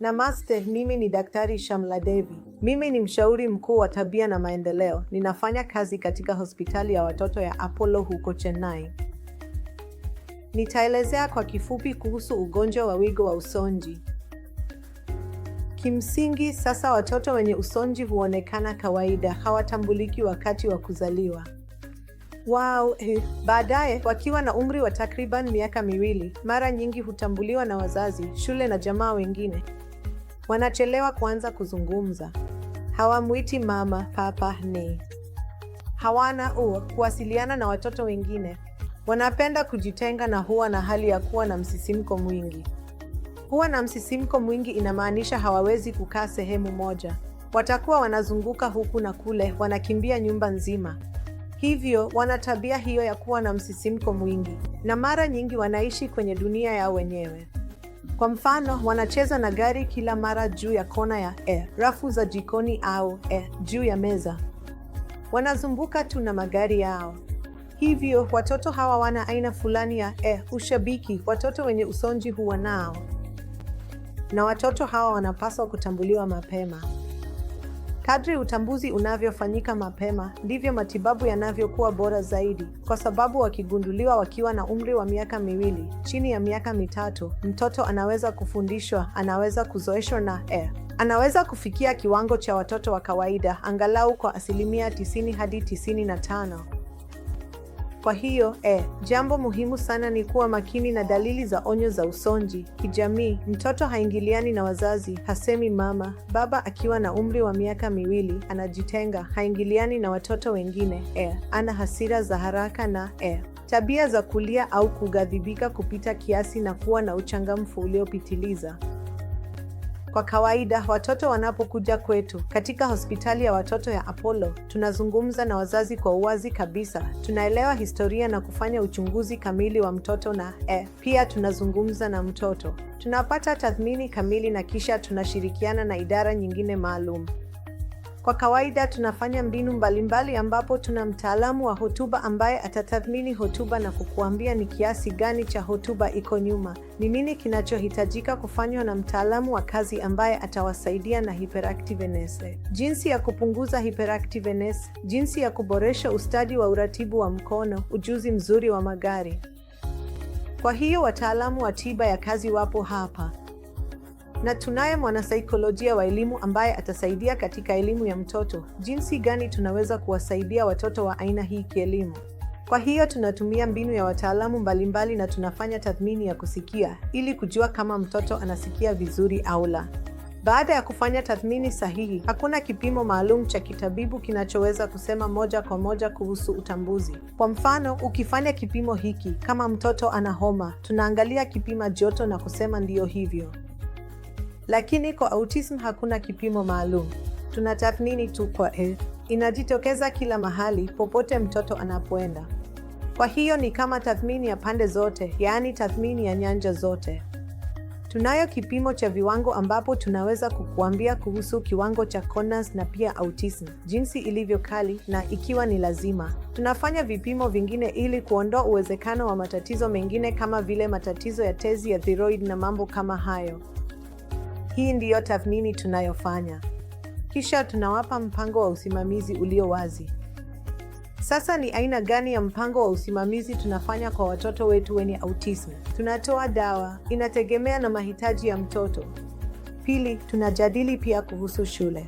Namaste, mimi ni Daktari Shamla Devi. Mimi ni mshauri mkuu wa tabia na maendeleo. Ninafanya kazi katika hospitali ya watoto ya Apollo huko Chennai. Nitaelezea kwa kifupi kuhusu ugonjwa wa wigo wa usonji. Kimsingi, sasa watoto wenye usonji huonekana kawaida, hawatambuliki wakati wa kuzaliwa wao eh, Baadaye wakiwa na umri wa takriban miaka miwili, mara nyingi hutambuliwa na wazazi, shule na jamaa wengine. Wanachelewa kuanza kuzungumza, hawamwiti mama, papa, ne. Hawana u kuwasiliana na watoto wengine, wanapenda kujitenga na huwa na hali ya kuwa na msisimko mwingi. Huwa na msisimko mwingi inamaanisha hawawezi kukaa sehemu moja, watakuwa wanazunguka huku na kule, wanakimbia nyumba nzima. Hivyo wana tabia hiyo ya kuwa na msisimko mwingi, na mara nyingi wanaishi kwenye dunia yao wenyewe. Kwa mfano, wanacheza na gari kila mara juu ya kona ya e, rafu za jikoni au e, juu ya meza. Wanazumbuka tu na magari yao. Hivyo watoto hawa wana aina fulani ya e, ushabiki watoto wenye usonji huwa nao, na watoto hawa wanapaswa kutambuliwa mapema. Kadri utambuzi unavyofanyika mapema, ndivyo matibabu yanavyokuwa bora zaidi, kwa sababu wakigunduliwa wakiwa na umri wa miaka miwili, chini ya miaka mitatu, mtoto anaweza kufundishwa, anaweza kuzoeshwa na e, anaweza kufikia kiwango cha watoto wa kawaida, angalau kwa asilimia 90 hadi 95. Kwa hiyo eh, jambo muhimu sana ni kuwa makini na dalili za onyo za usonji. Kijamii, mtoto haingiliani na wazazi, hasemi mama. Baba akiwa na umri wa miaka miwili anajitenga, haingiliani na watoto wengine. Eh, ana hasira za haraka na eh, tabia za kulia au kughadhibika kupita kiasi na kuwa na uchangamfu uliopitiliza. Kwa kawaida watoto wanapokuja kwetu katika hospitali ya watoto ya Apollo, tunazungumza na wazazi kwa uwazi kabisa. Tunaelewa historia na kufanya uchunguzi kamili wa mtoto na eh, pia tunazungumza na mtoto, tunapata tathmini kamili na kisha tunashirikiana na idara nyingine maalum. Kwa kawaida tunafanya mbinu mbalimbali mbali, ambapo tuna mtaalamu wa hotuba ambaye atatathmini hotuba na kukuambia ni kiasi gani cha hotuba iko nyuma, ni nini kinachohitajika kufanywa na mtaalamu wa kazi ambaye atawasaidia na hyperactiveness, jinsi ya kupunguza hyperactiveness, jinsi ya kuboresha ustadi wa uratibu wa mkono, ujuzi mzuri wa magari. Kwa hiyo wataalamu wa tiba ya kazi wapo hapa na tunaye mwanasaikolojia wa elimu ambaye atasaidia katika elimu ya mtoto, jinsi gani tunaweza kuwasaidia watoto wa aina hii kielimu. Kwa hiyo tunatumia mbinu ya wataalamu mbalimbali na tunafanya tathmini ya kusikia ili kujua kama mtoto anasikia vizuri au la. Baada ya kufanya tathmini sahihi, hakuna kipimo maalum cha kitabibu kinachoweza kusema moja kwa moja kuhusu utambuzi. Kwa mfano, ukifanya kipimo hiki, kama mtoto ana homa, tunaangalia kipima joto na kusema ndiyo hivyo lakini kwa autism hakuna kipimo maalum, tuna tathmini tu kwa e, inajitokeza kila mahali popote mtoto anapoenda. Kwa hiyo ni kama tathmini ya pande zote, yaani tathmini ya nyanja zote. Tunayo kipimo cha viwango ambapo tunaweza kukuambia kuhusu kiwango cha Connors na pia autism, jinsi ilivyo kali na ikiwa ni lazima. Tunafanya vipimo vingine ili kuondoa uwezekano wa matatizo mengine kama vile matatizo ya tezi ya thyroid na mambo kama hayo. Hii ndiyo tathmini tunayofanya, kisha tunawapa mpango wa usimamizi ulio wazi. Sasa ni aina gani ya mpango wa usimamizi tunafanya kwa watoto wetu wenye autism? Tunatoa dawa, inategemea na mahitaji ya mtoto. Pili, tunajadili pia kuhusu shule.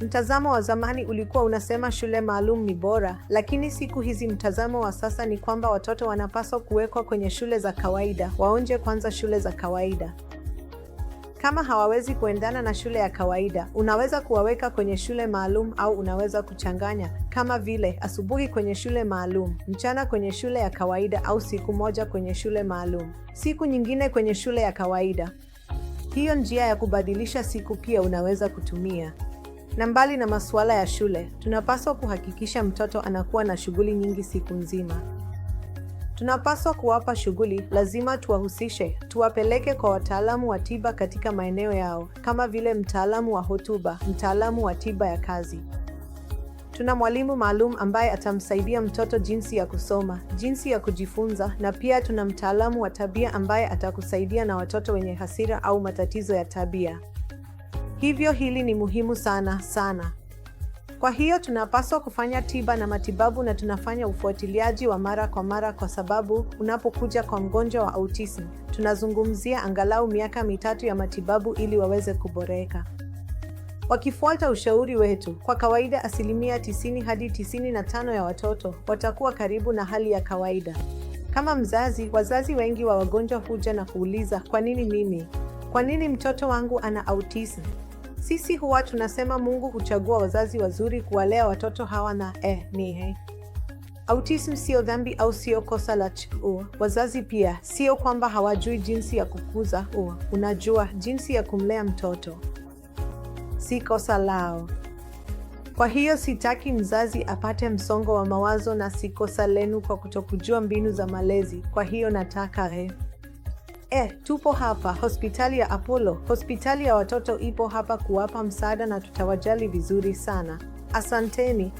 Mtazamo wa zamani ulikuwa unasema shule maalum ni bora, lakini siku hizi mtazamo wa sasa ni kwamba watoto wanapaswa kuwekwa kwenye shule za kawaida. Waonje kwanza shule za kawaida. Kama hawawezi kuendana na shule ya kawaida, unaweza kuwaweka kwenye shule maalum au unaweza kuchanganya, kama vile asubuhi kwenye shule maalum, mchana kwenye shule ya kawaida au siku moja kwenye shule maalum, siku nyingine kwenye shule ya kawaida. Hiyo njia ya kubadilisha siku pia unaweza kutumia. Na mbali na masuala ya shule, tunapaswa kuhakikisha mtoto anakuwa na shughuli nyingi siku nzima. Tunapaswa kuwapa shughuli, lazima tuwahusishe, tuwapeleke kwa wataalamu wa tiba katika maeneo yao, kama vile mtaalamu wa hotuba, mtaalamu wa tiba ya kazi. Tuna mwalimu maalum ambaye atamsaidia mtoto jinsi ya kusoma, jinsi ya kujifunza, na pia tuna mtaalamu wa tabia ambaye atakusaidia na watoto wenye hasira au matatizo ya tabia. Hivyo hili ni muhimu sana sana. Kwa hiyo tunapaswa kufanya tiba na matibabu na tunafanya ufuatiliaji wa mara kwa mara, kwa sababu unapokuja kwa mgonjwa wa autism tunazungumzia angalau miaka mitatu ya matibabu ili waweze kuboreka wakifuata ushauri wetu. Kwa kawaida asilimia 90 hadi 95 ya watoto watakuwa karibu na hali ya kawaida. Kama mzazi, wazazi wengi wa wagonjwa huja na kuuliza, kwa nini mimi? Kwa nini mtoto wangu ana autism? Sisi huwa tunasema Mungu huchagua wazazi wazuri kuwalea watoto hawa na eh, ni he. Eh. Autism sio dhambi au sio kosa la chuo. Wazazi pia sio kwamba hawajui jinsi ya kukuza u, unajua jinsi ya kumlea mtoto si kosa lao. Kwa hiyo sitaki mzazi apate msongo wa mawazo, na si kosa lenu kwa kutokujua mbinu za malezi. Kwa hiyo nataka re eh eh, tupo hapa. Hospitali ya Apollo, hospitali ya watoto ipo hapa kuwapa msaada na tutawajali vizuri sana. Asanteni.